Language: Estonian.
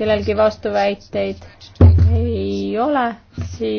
kellelgi vastuväiteid ei ole, siis